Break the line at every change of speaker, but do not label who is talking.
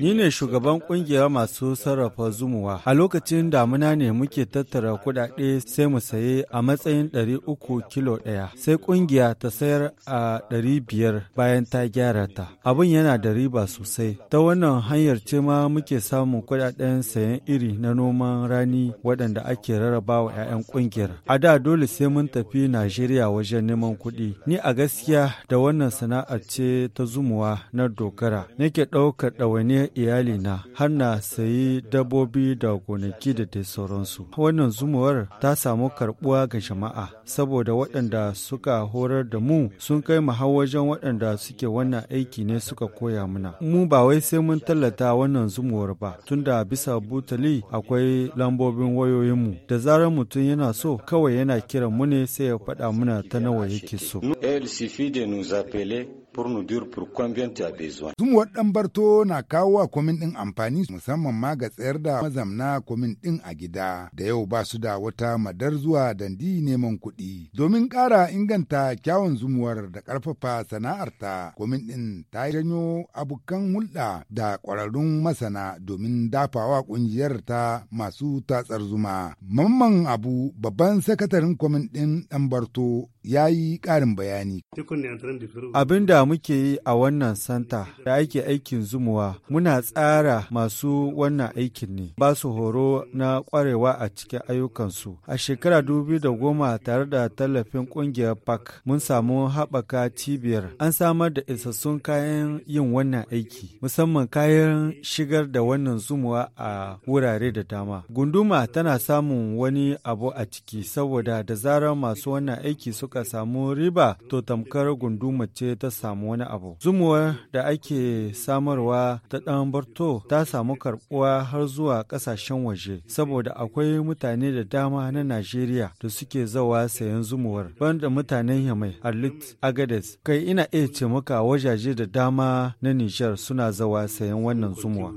Ni ne shugaban kungiyar masu sarrafa zumuwa. A lokacin damuna ne muke tattara kudade sai mu saye a matsayin 300 kilo ɗaya. Sai kungiya ta sayar a 500 bayan ta gyara ta. Abin yana da riba sosai. Ta wannan hanyar ce ma muke samun kudaden sayan iri na noman rani waɗanda ake rarraba wa 'ya'yan kungiyar. A da dole sai mun tafi Najeriya wajen neman kuɗi. Ni a gaskiya da wannan sana'ar ce ta zumuwa na dogara nake ɗaukar ɗawainiyar iyalina har na sayi dabbobi da gonaki da dai sauransu wannan zumuwar ta samu karɓuwa ga jama'a saboda waɗanda suka horar da mu sun kai mu har wajen waɗanda suke wannan aiki ne suka koya mana mu ba wai sai mun tallata wannan zumuwar ba tunda bisa butali akwai lambobin wayoyinmu da zarar mutum yana so kawai yana kiran mu ne sai ya faɗa muna ta nawa yake so.
Zumuwar ɗan Barto na kawo a kwamin ɗin amfani musamman ma ga tsayar da mazamna kwamin ɗin a gida da yau ba su da wata madar zuwa dandi neman kuɗi. Domin ƙara inganta kyawun zumuwar da ƙarfafa sana'arta komin ɗin ta janyo abokan hulɗa da ƙwararrun masana domin dafawa ƙungiyar ta masu tatsar zuma. Mamman Abu babban sakataren komin ɗin ɗan Barto ya yi ƙarin bayani. Abin da muke yi a wannan santa
da ake aikin zumuwa muna tsara masu wannan aikin ne ba su horo na kwarewa a cikin ayyukansu. A shekara goma tare da tallafin kungiyar park. mun samu haɓaka cibiyar an samar da isassun kayan yin wannan aiki musamman kayan shigar da wannan zumuwa a wurare da dama. Gunduma tana samun wani abu a ciki saboda da zarar masu wannan aiki suka samu riba to tamkar gunduma ce ta samu samu wani abu. Zumuwar da ake samarwa ta ɗan Barto ta samu karɓuwa har zuwa ƙasashen waje, saboda akwai mutane da dama na Najeriya da suke zawa sayan zumuwar. Banda mutanen Yamai, Arlit, Agades, kai ina iya ce maka wajaje da dama na Nijar suna zawa sayan wannan zumuwa.